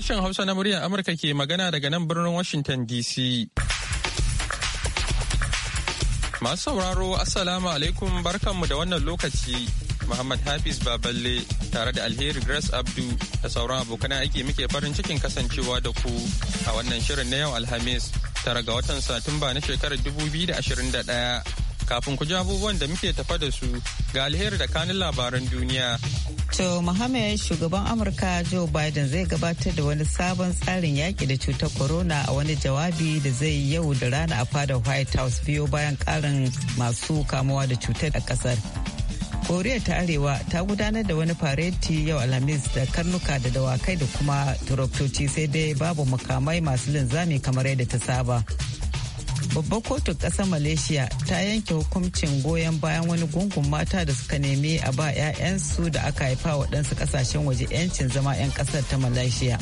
Sashen Hausa na muryar Amurka ke magana daga nan birnin Washington DC. Masu sauraro Assalamu alaikum barkanmu da wannan lokaci. Muhammad Hafiz Baballe tare da Alheri Grace Abdu da sauran abokan aiki muke farin cikin kasancewa da ku a wannan shirin na yau Alhamis tare ga watan Satumba na shekarar 2021. Kafin ku ji abubuwan da muke tafa da su ga alheri da kanin labaran duniya. To Muhammad shugaban Amurka Joe Biden zai gabatar da wani sabon tsarin yaƙi da cutar corona a wani jawabi da zai yi yau da rana a fadar White House biyo bayan ƙarin masu kamuwa da cutar a ƙasar. koriya ta arewa ta gudanar da wani fareti yau alhamis da karnuka da dawakai da kuma turoktoci sai dai babu makamai masu linzami kamar yadda ta saba babbar kotun ƙasar malaysia ta yanke hukuncin goyon bayan wani gungun mata da suka nemi a ba 'ya'yansu da aka haifa waɗansu ƙasashen waje 'yancin zama 'yan ƙasar ta malaysia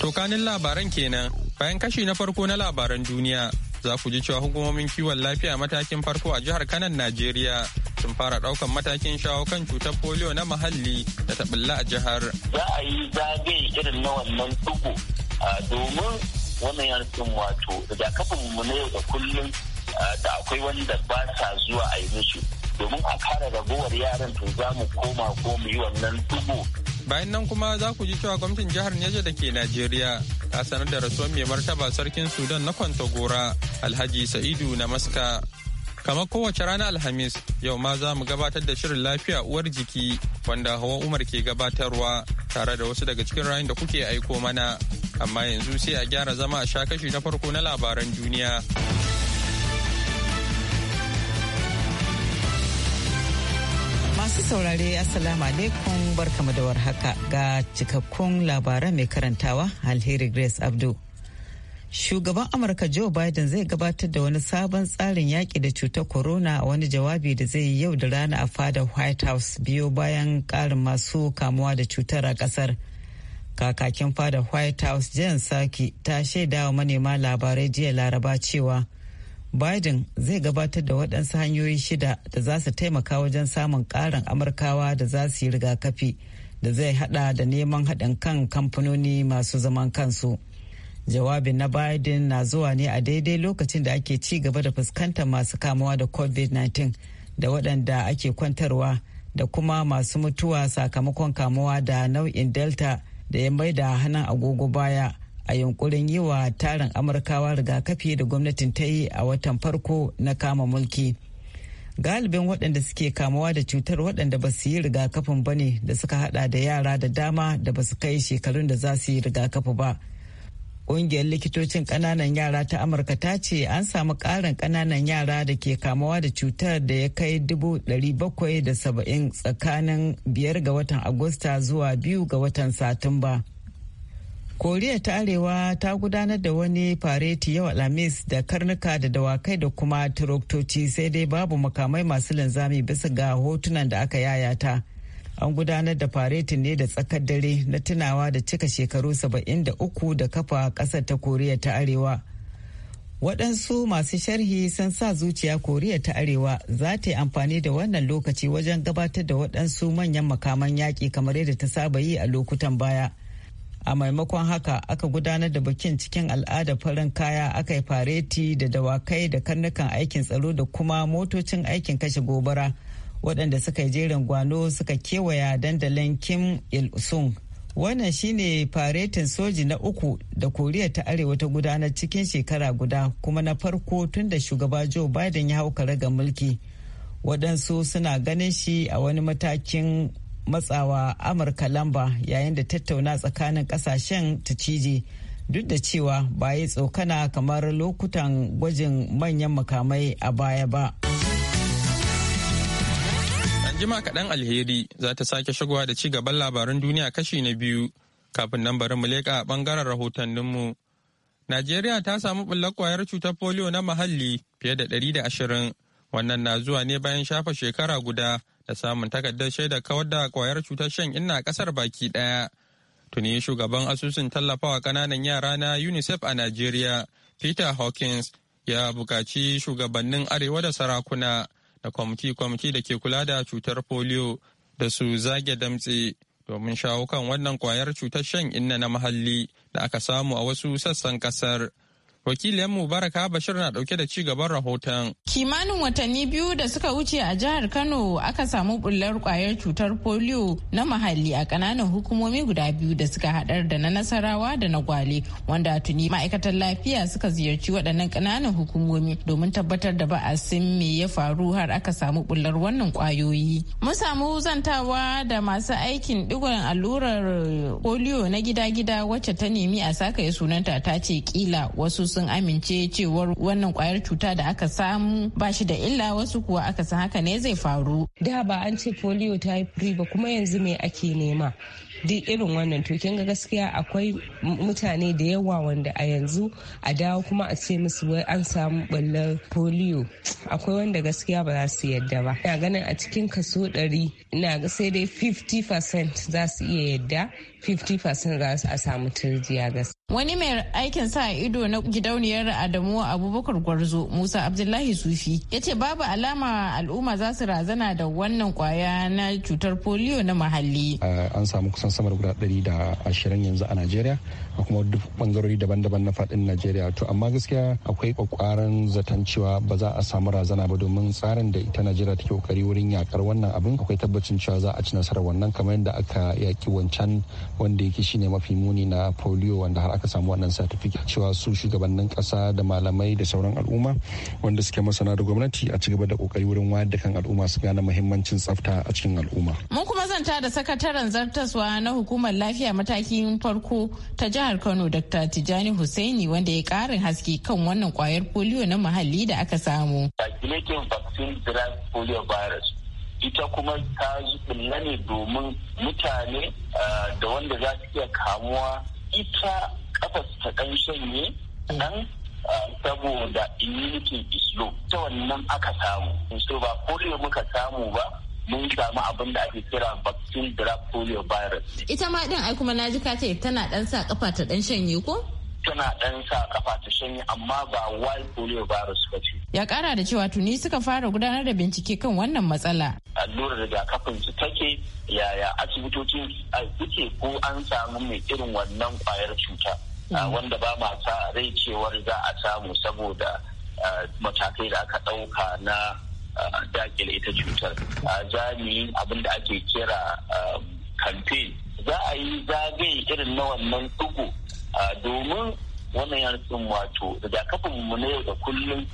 tokanin labaran kenan bayan kashi na farko na labaran duniya za ku ji cewa hukumomin kiwon lafiya matakin farko a jihar kanan najeriya sun fara daukan matakin shawo kan cutar polio na muhalli da ta bulla a jihar za a yi zagaye irin na wannan dugu domin wannan ya nufin wato rigakafin mu na da kullum ah, da akwai wanda ba sa zuwa a yi musu domin a kare ragowar yaran to za mu koma ko mu yi wannan dubu bayan nan kuma za ku ji cewa gwamnatin jihar Neja da ke Najeriya a sanar da rasuwar mai martaba sarkin Sudan na Kwantagora Alhaji Sa'idu na Maska. Kamar kowace rana Alhamis yau ma za mu gabatar da shirin lafiya uwar jiki wanda Hawa Umar ke gabatarwa tare da wasu daga cikin rayun da kuke aiko mana amma yanzu sai a gyara zama a sha kashi na farko na labaran duniya. Masu saurare Assalamu alaikum barkama da warhaka ga cikakkun labaran mai karantawa Alheri Grace Abdu. Shugaban Amurka Joe Biden zai gabatar da wani sabon tsarin yaƙi da cutar corona a wani jawabi da zai yi yau da rana a fada White House biyo bayan ƙarin masu kamuwa da cutar a ƙasar. kakakin fada white house jan saki ta shaida wa manema labarai jiya laraba cewa biden zai gabatar da waɗansu hanyoyi shida da za su taimaka wajen samun ƙarin amurkawa da za su yi rigakafi da zai hada da neman haɗin kan kamfanoni masu zaman kansu jawabin na biden na zuwa ne a daidai lokacin da ake ci gaba da fuskantar masu kamuwa da covid-19 da waɗanda ake kwantarwa da kuma masu mutuwa sakamakon kamuwa da nau'in delta da ya mai da hannun agogo baya a yunkurin yi wa tarin amurkawa rigakafi da gwamnatin ta yi a watan farko na kama mulki galibin waɗanda suke kamuwa da cutar waɗanda ba su yi rigakafin ba ne da suka hada da yara da dama da ba su kai shekarun da za su yi rigakafi ba Ƙungiyar likitocin ƙananan yara ta Amurka ta ce an samu ƙarin ƙananan yara da ke kamawa da cutar da ya kai 770 tsakanin 5 ga watan Agusta zuwa 2 ga watan Satumba. Koriya ta Arewa ta gudanar da wani fareti yau Alhamis da karnuka da dawakai da kuma turoktoci sai dai babu makamai masu linzami bisa ga hotunan da aka yayata. an gudanar da faretin ne da tsakar dare na tunawa da cika shekaru 73 da kafa ƙasar ta koriya ta arewa waɗansu masu sharhi sun sa zuciya koriya ta arewa za ta yi amfani da wannan lokaci wajen gabatar da waɗansu manyan makaman yaƙi kamar yadda ta saba yi a lokutan baya a maimakon haka aka gudanar da bikin cikin al'ada farin kaya aka yi fareti da dawakai da karnukan aikin tsaro da kuma motocin aikin kashe gobara waɗanda suka yi jerin gwano suka kewaya dandalin kim il-sung wannan shine faretin soji na uku da koriya ta arewa ta gudanar cikin shekara guda kuma na farko tun da shugaba joe biden ya hau ga mulki waɗansu suna ganin shi a wani matakin matsawa amurka lamba yayin da tattauna tsakanin ƙasashen ta cije duk da cewa ba yi tsokana kamar lokutan gwajin manyan makamai a baya ba. jima kaɗan alheri za ta sake shigowa da ci gaban labaran duniya kashi na biyu kafin nan bari mu leƙa a ɓangaren rahotanninmu. Najeriya ta samu ɓullar kwayar cutar polio na muhalli fiye da ɗari da ashirin. Wannan na zuwa ne bayan shafa shekara guda da samun takardar shaidar kawar da kwayar cutar shan inna ƙasar baki ɗaya. Tuni shugaban asusun tallafawa ƙananan yara na UNICEF a Najeriya, Peter Hawkins, ya buƙaci shugabannin Arewa da sarakuna da kwamiti-kwamiti da ke kula da cutar polio da su zage damtse domin shawo kan wannan kwayar cutar shan inna na muhalli da aka samu a wasu sassan kasar. mu baraka bashir na dauke da ci gaban rahoton kimanin watanni biyu da suka wuce a jihar kano aka samu bullar kwayar cutar polio na mahalli a kananan hukumomi guda biyu da suka hadar da na nasarawa da na gwale wanda tuni ma'aikatan lafiya suka ziyarci waɗannan kananan hukumomi domin tabbatar da ba'asin me ya faru har aka samu bullar wannan kwayoyi mun samu zantawa da masu aikin digon allurar polio na gida-gida wacce ta nemi a sakaye sunanta ta ce kila wasu sun amince cewar wannan kwayar cuta da aka samu ba shi da illa wasu kuwa aka san haka ne zai faru da ba an ce polio ta yi ba kuma yanzu mai ake nema duk irin wannan to kin ga gaskiya akwai mutane da yawa wanda a yanzu a dawo kuma a ce musu wai an samu ballar polio akwai wanda gaskiya ba za su yadda ba ina ganin a cikin kaso ɗari ina ga sai dai 50% za su iya yadda 50% za a samu turjiya gas. Wani mai aikin sa ido na gidauniyar Adamu Abubakar Gwarzo Musa Abdullahi Sufi ya ce babu alama al'umma za su razana da wannan kwaya na cutar polio na mahalli. Uh, an samu kusan ɗari da guda 120 yanzu a Najeriya a kuma duk bangarori daban-daban na fadin najeriya to amma gaskiya akwai kwakwaran zaton cewa ba za a samu razana ba domin tsarin da ita najeriya take kokari wurin yakar wannan abin akwai tabbacin cewa za a ci nasarar wannan kamar yadda aka yaki wancan wanda yake shine mafi muni na polio wanda har aka samu wannan certificate cewa su shugabannin kasa da malamai da sauran al'umma wanda suke masana da gwamnati a ci gaba da kokari wurin wayar da kan al'umma su gane muhimmancin tsafta a cikin al'umma mun kuma zanta da sakataren zartaswa na hukumar lafiya matakin farko ta jihar Kano Dr. Tijani Hussaini wanda ya karin haske kan wannan kwayar polio na muhalli da aka samu. Circulating vaccine drug polio virus ita kuma ta zuɓulla ne domin mutane ah, da wanda za su iya kamuwa ita kafa ta ɗan shanye nan ah, saboda immunity is low ta wannan aka samu. So ba polio muka samu ba mun samu abin da ake kira vaccine drug polio virus. Ita ma din ai kuma naji ka ce tana dan sa kafa ta ɗan shanye ko? Tana dan sa kafa ta shanye amma ba wild polio virus ba ce. Ya kara da cewa tuni suka fara gudanar da bincike kan wannan matsala. Allurar rigakafin su take yaya asibitoci suke ko an samu mai irin wannan kwayar cuta. Mm. Wanda ba ma sa rai cewar za a samu saboda matakai da aka ɗauka na dakile ita cutar za mu yi da ake kira um, campaign za a yi zagaye irin na wannan dugu domin wannan yankin wato da mu na yau da kullum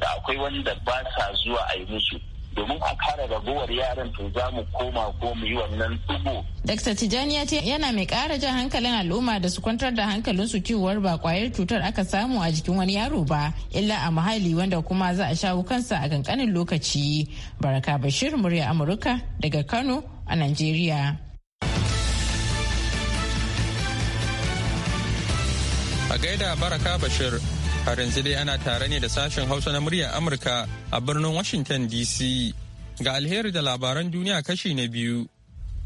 da akwai wanda ba sa zuwa a yi musu domin a kare raguwar yaran to za mu koma ko mu yi wannan dubu. Dr. Tijani ya ce yana mai ƙara jan hankalin al'umma da su kwantar da hankalin su cewar ba kwayar cutar aka samu a jikin wani yaro ba illa a muhalli wanda kuma za a shawo kansa a kankanin lokaci. Baraka Bashir murya Amurka daga Kano a Najeriya. A gaida Baraka Bashir Har yanzu dai ana tare ne da sashen Hausa na muryar Amurka a birnin Washington DC. Ga alheri da labaran duniya kashi na biyu.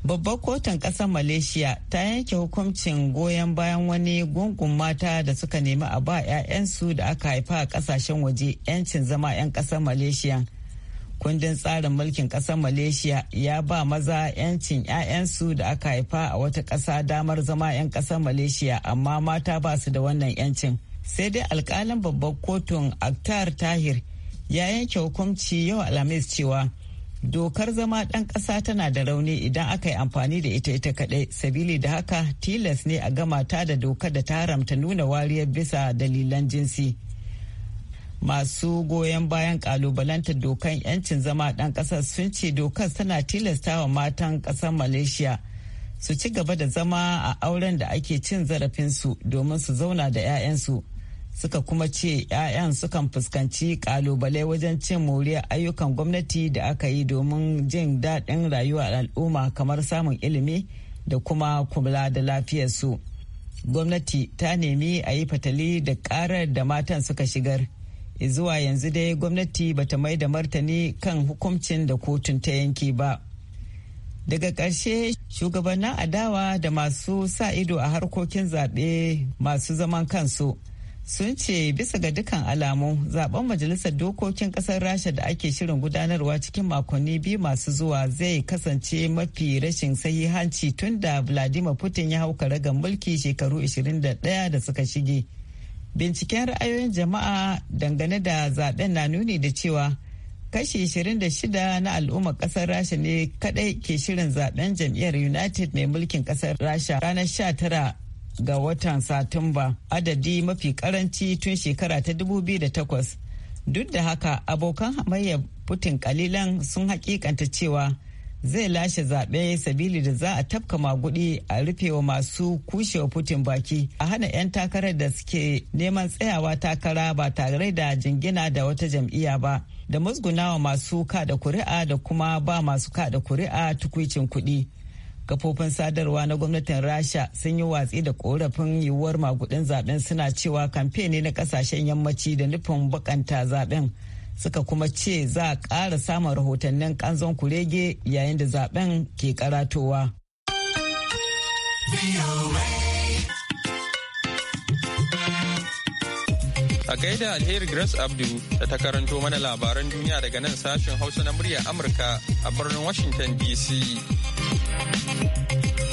Babbar kotun ƙasar Malaysia ta yanke hukuncin goyon bayan wani gungun mata da suka nemi a ba 'ya'yansu da aka haifa a ƙasashen waje 'yancin zama 'yan ƙasar Malaysia. Kundin tsarin mulkin ƙasar Malaysia ya ba maza 'yancin 'ya'yansu da aka haifa a wata ƙasa damar zama 'yan ƙasar Malaysia amma mata ba su da wannan 'yancin. sai dai alkalin babbar kotun aktar tahir ya yanke hukunci yau alhamis cewa dokar zama ɗan ƙasa tana da rauni idan aka yi amfani da ita ita kaɗai sabili da haka tilas ne a gama ta da dokar da ta haramta nuna wariyar bisa dalilan jinsi masu goyon bayan ƙalubalanta dokan yancin zama ɗan ƙasa sun ce dokar tana tilastawa matan ƙasar malaysia su ci gaba da zama a auren da ake cin zarafinsu domin su zauna da 'ya'yansu. suka kuma ce 'ya'yan sukan fuskanci kalubale wajen cin moriyar ayyukan gwamnati da aka yi domin jin daɗin rayuwar al'umma kamar samun ilimi da kuma kula da lafiyarsu gwamnati ta nemi a yi fatali da ƙarar da matan suka shigar zuwa yanzu dai gwamnati bata mai da martani kan hukuncin da kotun ta yanki ba daga ƙarshe shugabannin adawa da masu sa ido a harkokin zaɓe masu zaman kansu sun ce bisa ga dukkan alamu zaben majalisar dokokin kasar rasha da ake shirin gudanarwa cikin makonni biyu masu zuwa zai kasance mafi rashin sahihanci tun da vladimir putin ya hau karagar mulki shekaru 21 da suka shige binciken ra'ayoyin jama'a dangane da zaben na nuni da cewa kashi 26 na al'ummar kasar rasha ne kadai ke shirin zaben jam'iyyar united mai mulkin kasar rasha ranar 19 ga watan Satumba adadi mafi karanci tun shekara ta 2008. Duk da haka abokan hamayya Putin kalilan sun hakikanta cewa zai lashe zaɓe sabili da za a tafka magudi a rufewa masu kushewa Putin baki a hana 'yan takarar da suke neman tsayawa takara ba tare da jingina da wata jam'iyya ba da musgunawa masu kada kuri'a da kuma ba masu kada kuri'a tukwicin kuɗi. kafofin sadarwa na gwamnatin rasha sun yi watsi da korafin yiwuwar magudin zaben suna cewa kamfe ne na kasashen yammaci da nufin bakanta zaben suka kuma ce za a ƙara samun rahotannin kanzon kurege yayin da zaben ke karatowa. A gaida alheri Grace Abdu da ta karanto mana labaran duniya daga nan sashen Hausa na muryar Amurka a birnin Washington DC.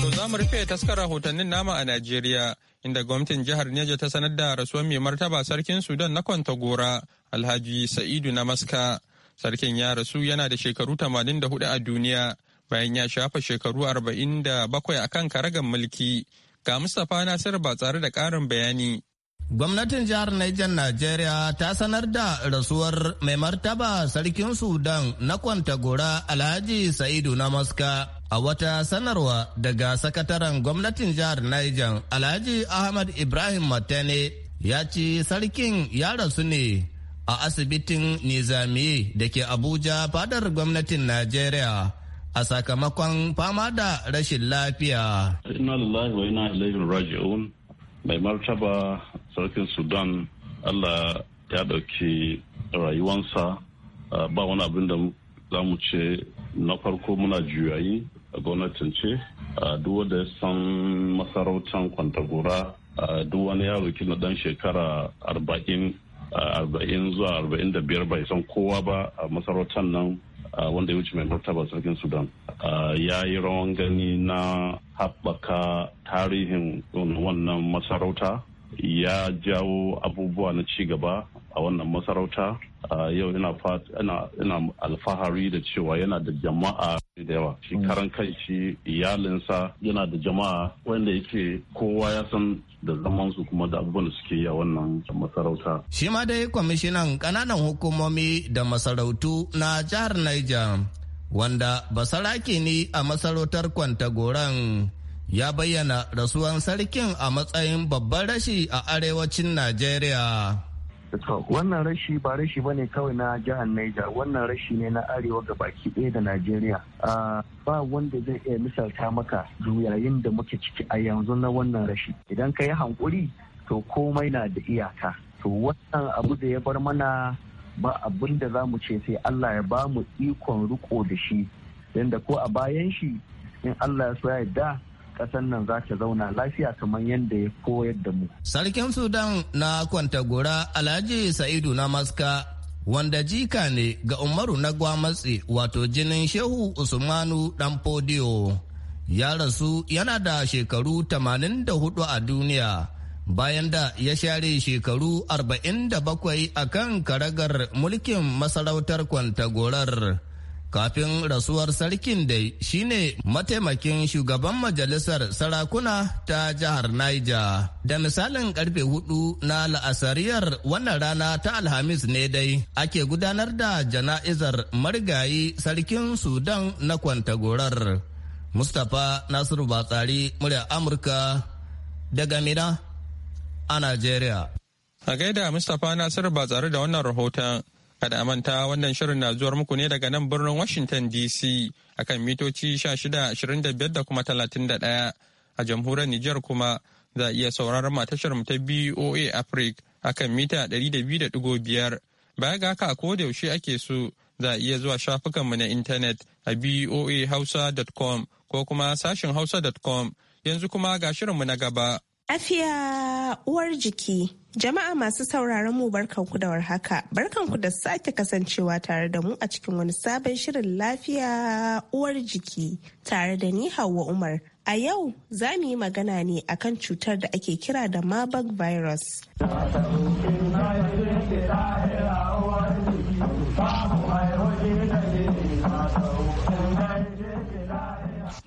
To za mu rufe taskar rahotannin nama a Najeriya inda gwamnatin jihar Neja ta sanar da rasuwar mai martaba sarkin Sudan na Kwantagora Alhaji Sa'idu Namaska. Sarkin ya rasu yana da shekaru 84 a duniya bayan ya shafa shekaru 47 a kan karagan mulki. Ga Mustapha Nasir ba tsare da ƙarin bayani. Gwamnatin jihar Niger Najeriya ta sanar da rasuwar mai martaba sarkin Sudan na Kwantagora Alhaji Sa'idu na Maska a wata sanarwa daga sakataren gwamnatin jihar Niger Alhaji Ahmad Ibrahim Matene ya ce sarkin ya rasu ne a asibitin Nizami da ke Abuja fadar gwamnatin Najeriya. a sakamakon fama da rashin lafiya. Inna lillahi wa inna ilaihi raji'un. mai martaba sarkin sudan allah ya ɗauki rayuwansa ba wani abin da za mu ce na farko muna juyayi a gwamnatin ce duk wanda ya san masarautar kwantagora duk wani yaro kina dan shekara arba'in arba'in zuwa arba'in da biyar bai san kowa ba a masarautar nan wanda ya wuce mai martaba sarkin sudan ya yi rawan gani na haɓaka tarihin wannan masarauta ya jawo abubuwa na cigaba a wannan masarauta yau ina alfahari da cewa yana da jama'a da yawa shi mm. karan kai shi iyalinsa yana da jama'a wanda yake kowa ya san da zaman su kuma da abubuwan suke yi a wannan masarauta. Shi ma dai kwamishinan ƙananan hukumomi da masarautu na jihar Niger wanda basaraki ne a masarautar Kwantagoran ya bayyana rasuwan sarkin a matsayin babban rashi a arewacin Najeriya. Wannan rashi ba rashi ba ne kawai na jihar Niger, wannan rashi ne na arewa ga baki ɗaya da Najeriya. Ba wanda zai iya misalta maka yayin da muke ciki a yanzu na wannan rashi. Idan ka yi hankuri to komai na da iyaka. To wannan abu da ya bar mana ba abin da za mu ce sai Allah ya ba mu ikon riko da shi yadda ko a bayan shi in Allah ya so ya da kasan nan za ta zauna lafiya kamar yadda ya koyar da mu. Sarkin Sudan na gora Alhaji Sa'idu na Maska wanda jika ne ga Umaru na Gwamatsi wato jinin Shehu Usmanu dan podio Ya rasu yana da shekaru 84 a duniya. bayan da ya share shekaru 47 a kan karagar mulkin masarautar kwantagorar kafin rasuwar sarkin da shine mataimakin shugaban majalisar sarakuna ta jihar Niger. Da misalin karfe hudu na la'asariyar wannan rana ta Alhamis ne dai ake gudanar da jana'izar marigayi sarkin Sudan na kwantagorar. Mustapha Nasiru Batsari, murya Amurka daga Mina. a Najeriya. A gaida Mustapha Nasiru ba tsare da wannan rahoton. Kada manta wannan shirin na zuwar muku ne daga nan birnin Washington DC kan mitoci 1625 da kuma 31 a jamhuriyar Nijar kuma za a iya sauraron tashar mu ta BOA Africa akan mita 200.5 baya ga haka ko da yaushe ake so za a iya zuwa shafukanmu na intanet a boa boahausa.com ko kuma sashin hausa.com yanzu kuma ga shirinmu na gaba. Afiya uwar jiki. Jama'a masu sauraron mu barkanku da warhaka. Barkanku da sake kasancewa tare da mu a cikin wani sabon shirin lafiya uwar jiki tare da ni Hauwa Umar. A yau za mu yi magana ne akan cutar da ake kira da Marburg virus.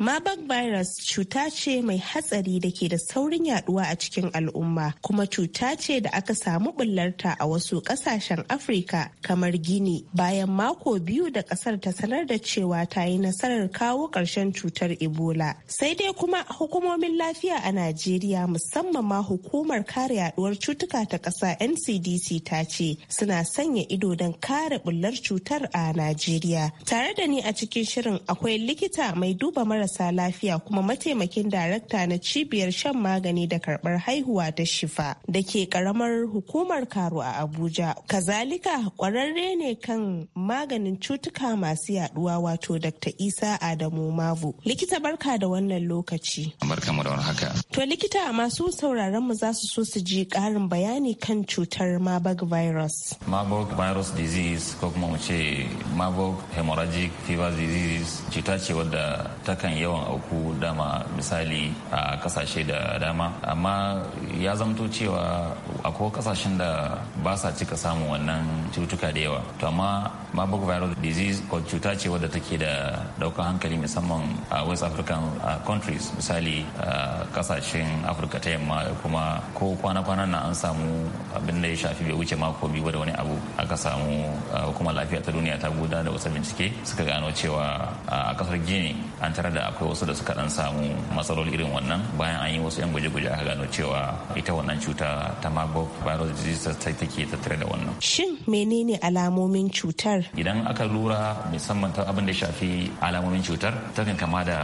Marburg virus cuta ce mai hatsari da ke da saurin yaduwa a cikin al'umma kuma cuta ce da aka samu bullarta a wasu kasashen Afrika kamar Gini bayan mako biyu da kasar ta sanar da cewa ta yi nasarar kawo ƙarshen cutar Ebola. Sai dai kuma hukumomin lafiya a Najeriya musamman ma hukumar kare yaduwar cutuka ta ƙasa NCDC ta ce suna sanya ido don kare bullar cutar a Najeriya. Tare da ni a cikin shirin akwai likita mai duba mara marasa lafiya kuma mataimakin darakta na cibiyar shan magani da karɓar haihuwa ta shifa da ke karamar hukumar karu a abuja kazalika kwararre ne kan maganin cutuka masu yaduwa wato dr isa adamu mavu likita barka da wannan lokaci to likita masu sauraron mu za su so su ji karin bayani kan cutar marburg virus marburg virus disease ko kuma mu ce marburg hemorrhagic fever disease cuta ce wadda ta takan yawan auku dama misali a kasashe da dama amma ya zamto cewa akwai kasashen da ba sa cika samun wannan cututtuka da yawa to amma marburg viral disease ko cuta ce wadda take da daukan hankali musamman a west african countries misali kasashen afirka ta yamma kuma ko kwana kwana na an samu abin da ya shafi bai wuce mako biyu da wani abu aka samu hukumar lafiya ta duniya ta gudanar da wasu bincike suka gano cewa a kasar gini an tare da akwai wasu da suka dan samu matsaloli irin wannan bayan an yi wasu yan gwaje-gwaje aka gano cewa ita wannan cuta ta marburg virus disease ta take tattare da wannan shin menene alamomin cutar idan aka lura musamman ta abin da shafi alamomin cutar ta kan kama da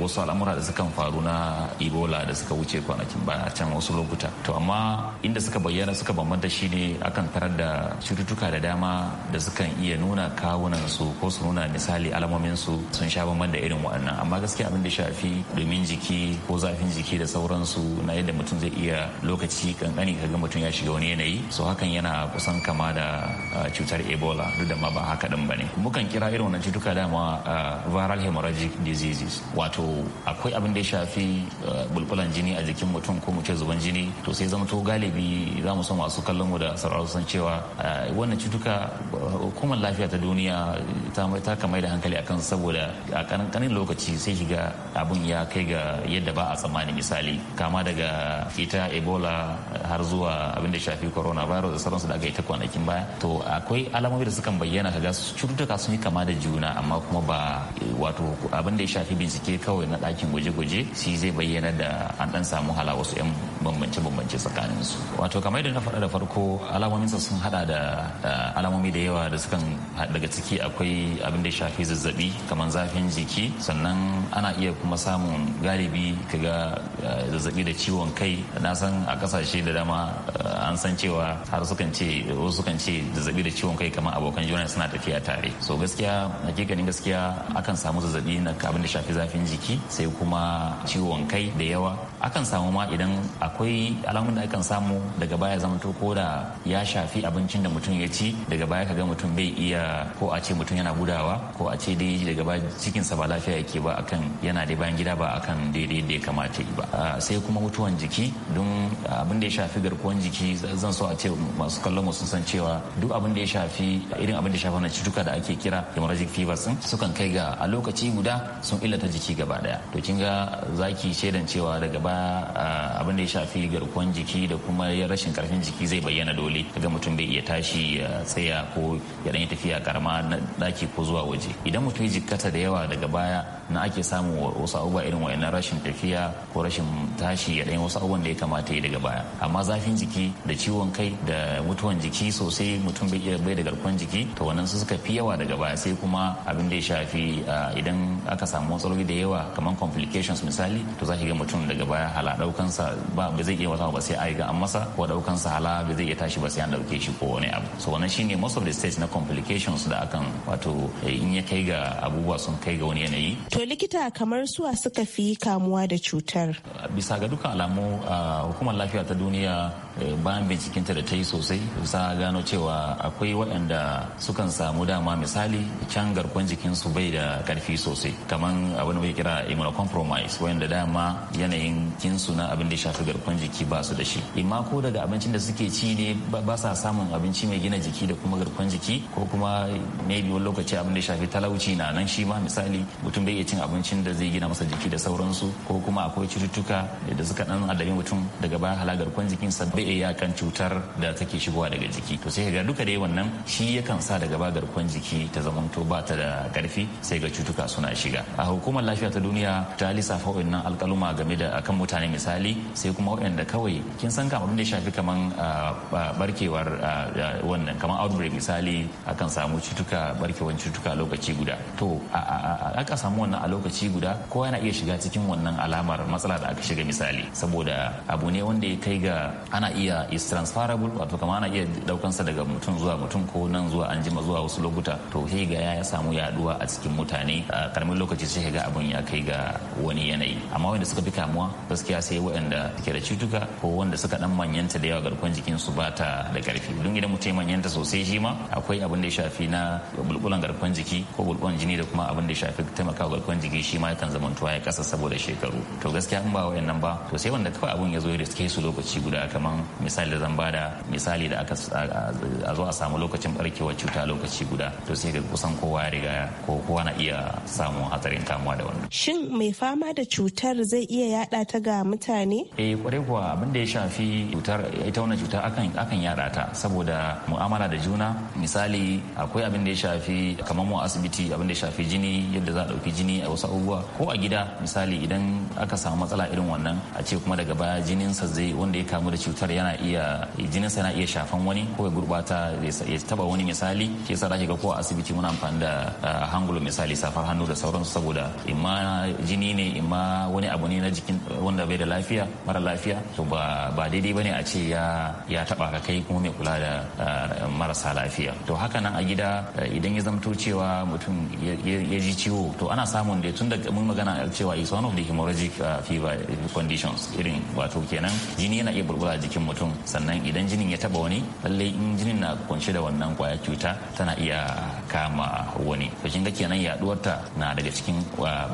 wasu al'amura da suka faru na ebola da suka wuce kwanakin ba a can wasu lokuta to amma inda suka bayyana suka bambanta shine akan tarar da cututtuka da dama da sukan iya nuna kawunan su ko su nuna misali alamomin su sun sha bambanta irin waɗannan amma gaske abin da shafi domin jiki ko zafin jiki da sauransu na yadda mutum zai iya lokaci kankani kaga mutum ya shiga wani yanayi so hakan yana kusan kama da cutar ebola duk da ma ba haka din bane mukan kira irin wannan cutuka dama viral hemorrhagic diseases wato akwai abin da ya shafi bulbulan jini a jikin mutum ko muke zuban jini to sai zama to galibi za mu san masu kallon mu da sauraro san cewa wannan cutuka hukumar lafiya ta duniya ta kamar da hankali akan saboda a kankanin lokaci sai shiga abun ya kai ga yadda ba a tsammani misali kama daga ita ebola har zuwa abin da shafi coronavirus da sauransu da aka yi ta kwanakin baya to akwai alamomi da sukan bayyana kaga cututtuka sun yi kama da juna amma kuma ba wato abin da ya shafi bincike kawai na dakin gwaje-gwaje shi zai bayyana da an ɗan samu hala wasu 'yan bambance-bambance su wato kamar yadda na faɗa da farko alamominsa sun hada da alamomi da yawa da sukan daga ciki akwai abin da shafi zazzabi kamar zafin jiki sannan ana iya kuma samun galibi kaga eh, zazzabi da ciwon kai na san a kasashe da dama eh, an san cewa har sukan ce wasu sukan ce zazzabi da ciwon kai kamar abokan juna suna tafiya tare so gaskiya hakikanin gaskiya akan samu zazzabi na abin da shafi zafin jiki sai kuma ciwon kai da yawa akan samu ma idan akwai alamun da akan samu daga baya zama to ko da ya shafi abincin da mutum ya ci daga baya kaga mutum bai iya ko a ce mutum yana gudawa ko a ce dai daga baya cikinsa ba lafiya yake ba akan yana da bayan gida ba akan daidai da ya kamata ba sai kuma mutuwan jiki don abin da ya shafi garkuwan jiki zan so a ce masu kallon mu sun san cewa duk abin da ya shafi irin abin da shafi na cutuka da ake kira hemorrhagic fever sun sukan kai ga a lokaci guda sun illata jiki gaba daya to kin ga zaki shaidan cewa daga baya abin da ya shafi garkuwan jiki da kuma rashin karfin jiki zai bayyana dole daga mutum bai iya tashi ya tsaya ko ya dan yi tafiya karama na daki ko zuwa waje idan mutum ya jikkata da yawa daga baya na ake samun wasu abubuwa irin wa'annan rashin tafiya ko rashin tashi ya ɗan wasu abubuwan da ya kamata ya daga baya amma zafin jiki da ciwon kai da mutuwan jiki sosai mutum bai bai da garkuwan jiki to wannan su suka fi yawa daga baya sai kuma abin da ya shafi idan aka samu matsaloli da yawa kamar complications misali to za ki ga mutum daga baya hala ɗaukansa ba zai iya wasa ba sai a ga an masa ko ɗaukansa hala ba zai iya tashi ba sai an dauke shi ko wani abu so wannan shine most of the stage na complications da akan wato eh, in ya kai ga abubuwa sun kai ga wani yanayi To likita kamar suwa suka fi kamuwa da cutar. Bisa ga duka alamu hukumar lafiya ta duniya e, bayan bincikinta da ta yi sosai bisa gano cewa akwai waɗanda sukan samu dama misali can garkon jikinsu bai da ƙarfi sosai kamar abin da kira immunocompromise wanda dama yanayin kinsu na abin da shafi garkon jiki ba su da shi imma ko daga abincin da suke ci ne ba sa samun abinci mai gina jiki da kuma garkon jiki ko kuma maybe wani lokaci abin da shafi talauci na nan shi ma misali mutum bai cin abincin da zai gina masa jiki da sauransu ko kuma akwai cututtuka da suka dan addabi mutum daga bayan halagar kwan jikin sa bai iya kan cutar da take shigowa daga jiki to sai ga duka dai wannan shi yakan sa daga bayan garkuwar jiki ta zamanto ba ta da karfi sai ga cututtuka suna shiga a hukumar lafiya ta duniya ta lissafa wannan alkaluma game da akan mutane misali sai kuma waɗanda kawai kin san kamar da shafi kaman barkewar wannan kaman outbreak misali akan samu cututtuka barkewar cututtuka lokaci guda to aka samu wannan wannan a lokaci guda ko yana iya shiga cikin wannan alamar matsala da aka shiga misali saboda abu ne wanda ya kai ga ana iya is transferable wato kama ana iya daukansa daga mutum zuwa mutum ko nan zuwa anjima zuwa wasu lokuta to sai ga ya samu yaduwa a cikin mutane a karamin lokaci sai ga abun ya kai ga wani yanayi amma wanda suka fi kamuwa gaskiya sai waɗanda suke da cutuka ko wanda suka dan manyanta da yawa garkuwar jikin su bata da karfi don idan mutum manyanta sosai shi ma akwai abin da ya shafi na bulbulan garkuwar jiki ko bulbulan jini da kuma abin da ya shafi taimakawa garkuwar jiki shi ma yakan zama ya kasa saboda shekaru to gaskiya an ba wayannan ba to sai wanda kawai abun ya zo ya riske su lokaci guda kaman misali da zan bada misali da aka a zo a samu lokacin barkewar cuta lokaci guda to sai ga kusan kowa ya riga ko kowa na iya samu hatsarin kamuwa da wannan shin mai fama da cutar zai iya yada ta ga mutane eh kwarai kuwa abin da ya shafi cutar ita wannan cuta akan akan yada ta saboda mu'amala da juna misali akwai abin da ya shafi kamar mu asibiti abin da ya shafi jini yadda za a dauki jini a wasu abubuwa ko a gida misali idan aka samu matsala irin wannan a ce kuma daga baya jininsa zai wanda ya kamu da cutar yana iya jininsa yana iya shafan wani ko ya gurbata ya taba wani misali ke sa zaki ga ko a asibiti muna amfani da ah, hangulo misali safar hannu da sauransu saboda imma jini ne imma wani abu ne na jikin wanda bai da lafiya mara lafiya to ba ba daidai bane a ce ya ya taba ka kai kuma mai kula da ah, marasa lafiya to haka nan a gida idan ya zamto cewa mutum ya ji ciwo to ana samun samun dai tun daga mun magana cewa is one of the hemorrhagic uh, fever conditions irin wato kenan jini yana iya burbura jikin mutum sannan idan jinin ya taba wani lallai in jinin na kunshe da wannan kwaya cuta tana iya kama wani to da ga kenan yaduwar ta na daga cikin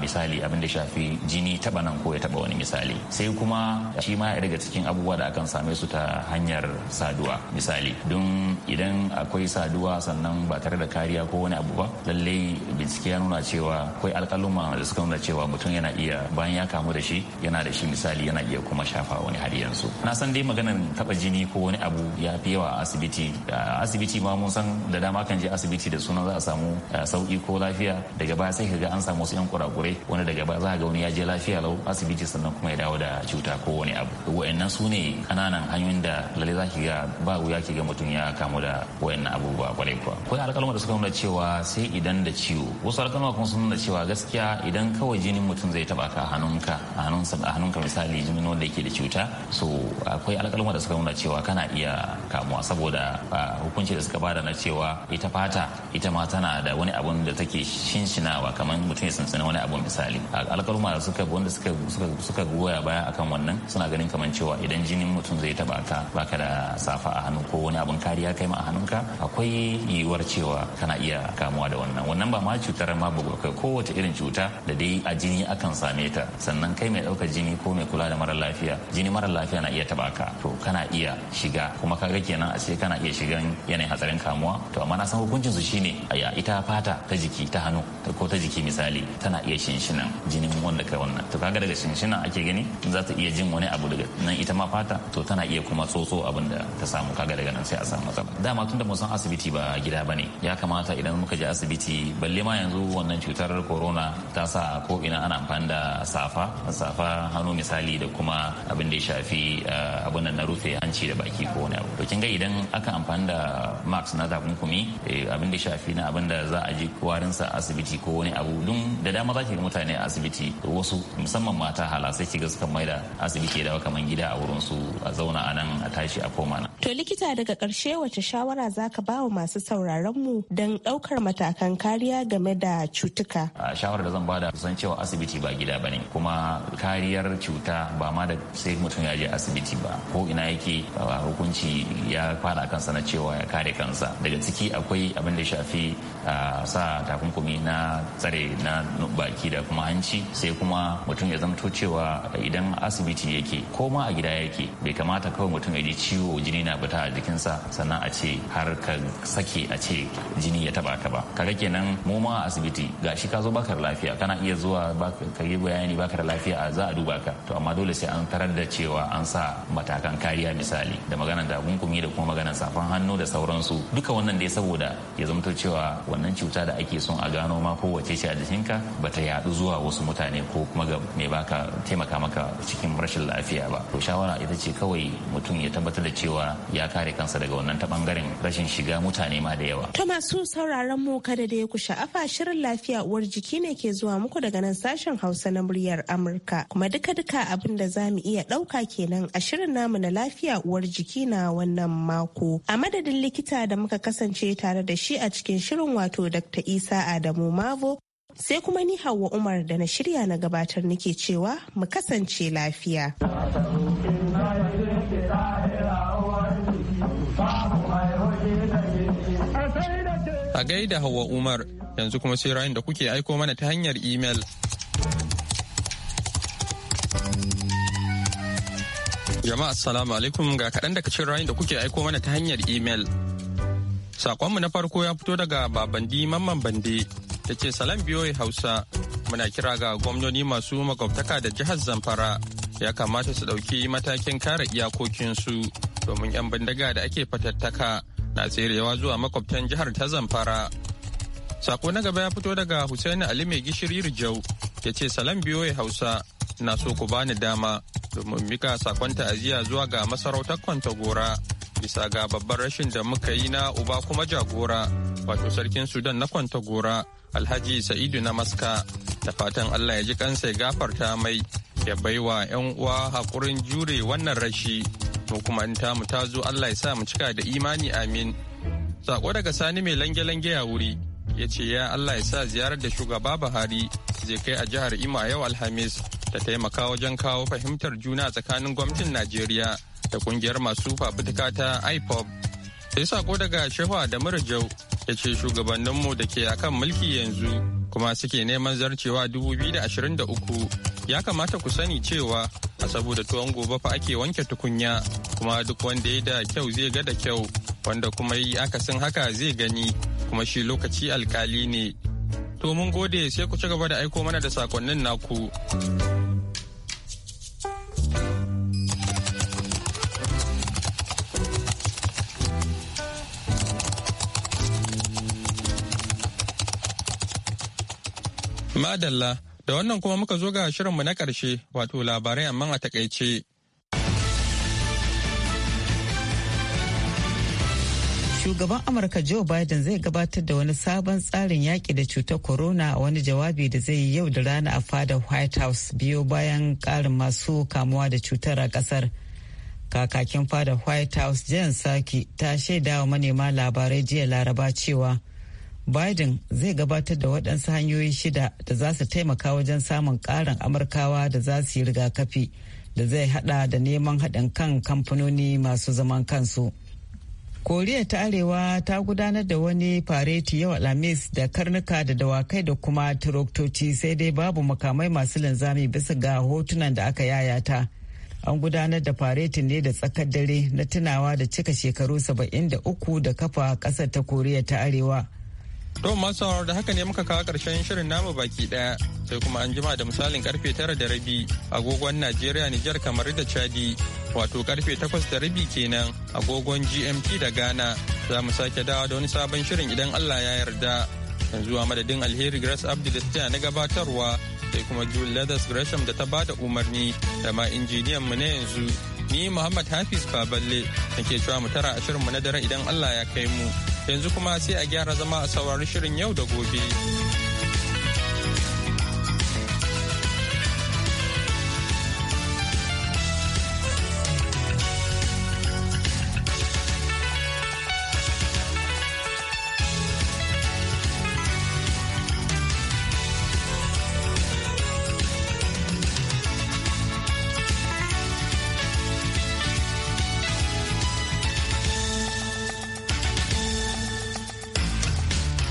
misali abin da shafi jini taba nan ko ya taba wani misali sai kuma shi ma daga cikin abubuwa da akan same su ta hanyar saduwa misali don idan akwai saduwa sannan ba tare da kariya ko wani abu ba lallai bincike ya nuna cewa akwai alkaluma da suka nuna cewa mutum yana iya bayan ya kamu da shi yana da shi misali yana iya kuma shafa wani har yanzu na san dai maganar taba jini ko wani abu ya fi yawa a asibiti asibiti ma mun san da dama kan je asibiti da sunan za a samu eh, sauki ko lafiya daga baya sai ga an samu wasu yan kurakurai wani daga baya za ga wani ya je lafiya lau asibiti sannan kuma ya dawo da cuta ko wani abu wa'annan su ne kananan hanyoyin da lalle za ki ga ba wuya ki ga mutum ya kamu da wa'annan abubuwa kwarai kuwa akwai alƙalma da suka nuna cewa sai idan da ciwo wasu alƙalma kuma sun nuna cewa gaskiya idan kawai jinin mutum zai taba ka hannunka a hannunsa a hannunka misali jinin wanda yake da cuta so akwai alƙalma da suka nuna cewa kana iya kamuwa saboda ah, hukunci da suka bada na cewa ita fata ita ma tana da wani abun da take shinshinawa kamar mutum ya sansani wani abu misali alkaluma da suka wanda suka suka goya baya akan wannan suna ganin kamar cewa idan jinin mutum zai taba ka baka da safa a hannu ko wani abun kariya kai ma a ka akwai yiwuwar cewa kana iya kamuwa da wannan wannan ba ma cutar ma kai kowace irin cuta da dai a jini akan same ta sannan kai mai ɗaukar jini ko mai kula da mara lafiya jini mara lafiya na iya taba ka to kana iya shiga kuma kaga kenan a ce kana iya shigan yanayin hatsarin kamuwa to amma na san hukuncin su shine ita fata ta jiki ta hannu ko ta jiki misali tana iya shinshinan jinin wanda kai wannan to kaga daga shinshinan ake gani za ta iya jin wani abu daga nan ita ma fata to tana iya kuma tsotso abin da ta samu kaga daga nan sai a samu matsala dama tunda da mu san asibiti ba gida bane ya kamata idan muka je asibiti balle ma yanzu wannan cutar corona ta sa ko ina ana amfani da safa safa hannu misali da kuma abin da ya shafi eh, abin nan na rufe hanci da baki ko wani abu to kin ga idan aka amfani da max na takunkumi eh, abin da ya shafi rigakafi na abin da za a kwarin sa a asibiti ko wani abu dun da dama za ki ga mutane a asibiti wasu musamman mata hala sai ki ga suka maida asibiti ya dawo kamar gida a wurin su a zauna a nan a tashi a koma nan. To likita daga karshe wace shawara za ka ba wa masu sauraron mu don ɗaukar matakan kariya game da cutuka? A shawarar da zan bada san cewa asibiti ba gida bane kuma kariyar cuta ba ma da sai mutum ya je asibiti ba ko ina yake hukunci ya fara kansa na cewa ya kare kansa daga ciki akwai abin da shafi a sa takunkumi na tsare na baki da kuma hanci sai kuma mutum ya zamto cewa idan asibiti yake ko ma a gida yake bai kamata kawai mutum ya ji ciwo jini na fita a jikinsa sannan a ce har ka sake a ce jini ya taba ka ba kaga kenan mu ma asibiti gashi ka zo baka da lafiya kana iya zuwa ka yi bayani baka da lafiya za a duba ka to amma dole sai an tarar da cewa an sa matakan kariya misali da maganan takunkumi da kuma maganan safan hannu da sauransu duka wannan dai saboda ya zamto cewa cewa wannan cuta da ake son a gano ma kowace ce a jikinka ba ta yaɗu zuwa wasu mutane ko kuma ga mai baka taimaka maka cikin rashin lafiya ba to shawara ita ce kawai mutum ya tabbatar da cewa ya kare kansa daga wannan ta bangaren rashin shiga mutane ma da yawa ta masu sauraron mu kada da ya ku sha'afa shirin lafiya uwar jiki ne ke zuwa muku daga nan sashen hausa na muryar amurka kuma duka-duka abin da za mu iya ɗauka kenan a shirin namu na lafiya uwar jiki na wannan mako a madadin likita da muka kasance tare da shi a cikin shirin wato Dr. Isa Adamu Mavo sai kuma ni Hauwa Umar da na shirya na gabatar nake cewa mu kasance lafiya. A gaida Hauwa Umar yanzu kuma sai ra'ayin da kuke aiko mana ta hanyar imel. Jama'a assalamu alaikum ga kaɗan daga cin ra'ayin da kuke aiko mana ta hanyar imel. Sakonmu na farko ya fito daga Babandi Mamman Bande yace ce salam biyoyi Hausa muna kira ga gwamnoni masu makwabtaka da jihar Zamfara ya kamata su ɗauki matakin kare iyakokinsu domin 'yan bindiga da ake fatattaka na tserewa zuwa makwabtan jihar ta Zamfara. Sako na gaba ya fito daga Hussaini Ali mai gishiri Rijau ya ce salam biyoyi Hausa na so ku bani dama domin mika sakon ta'aziyya zuwa ga masarautar gora. bisa ga babban rashin da muka yi na uba kuma jagora wato sarkin sudan na kwanta gora alhaji sa'idu na maska da fatan allah ya ji kansa ya gafarta mai ya baiwa 'yan uwa haƙurin jure wannan rashi mu kuma in tamu ta zo allah ya sa mu cika da imani amin sako daga sani mai lange-lange ya wuri ya ce ya allah ya sa ziyarar da shugaba buhari zai kai a jihar ima yau alhamis ta taimaka wajen kawo fahimtar juna tsakanin gwamnatin najeriya ta kungiyar masu fafutuka ta ipop sai sako daga shehu da murjau ya ce shugabanninmu da ke akan mulki yanzu kuma suke neman zarcewa 2023 ya kamata ku sani cewa a saboda tuwon gobe fa ake wanke tukunya kuma duk wanda ya da kyau zai ga da kyau wanda kuma yi akasin haka zai gani kuma shi lokaci alkali ne to mun gode sai ku ci gaba da aiko mana da sakonnin naku. Madalla, da wannan kuma muka zo ga shirinmu na ƙarshe wato labarai amma a takaice. Shugaban Amurka Joe Biden zai gabatar da wani sabon tsarin yaƙi da cutar corona a wani jawabi da zai yi yau da rana a fadar White House biyo bayan ƙarin masu kamuwa da cutar a ƙasar. Kakakin fadar White House Jen Saki ta shaidawa manema labarai jiya Laraba cewa. Biden zai gabatar da waɗansu hanyoyi shida da za su taimaka wajen samun ƙarin Amurkawa da za su yi rigakafi da zai hada da neman haɗin kan kamfanoni masu zaman kansu. Koriya ta Arewa ta gudanar da wani fareti yau Alhamis da karnuka da dawakai da kuma turoktoci sai dai babu makamai masu linzami bisa ga hotunan da aka yayata. An gudanar da faretin ne da tsakar dare na tunawa da cika shekaru 73 da kafa ƙasar ta Koriya ta Arewa. Don masu sauraro da haka ne muka kawo ƙarshen shirin namu baki ɗaya sai kuma an jima da misalin karfe tara da rabi agogon Najeriya Nijar kamar da Chadi wato karfe takwas da rabi kenan agogon GMT da Ghana za mu sake dawa da wani sabon shirin idan Allah ya yarda yanzu a madadin alheri Grace Abdi da na gabatarwa sai kuma Jewel Leathers Gresham da ta bada umarni da ma injiniyan mu na yanzu ni Muhammad Hafiz Baballe nake cewa mu tara a shirin mu na dare idan Allah ya kai mu. yanzu kuma sai a gyara zama a saurari shirin yau da gobe.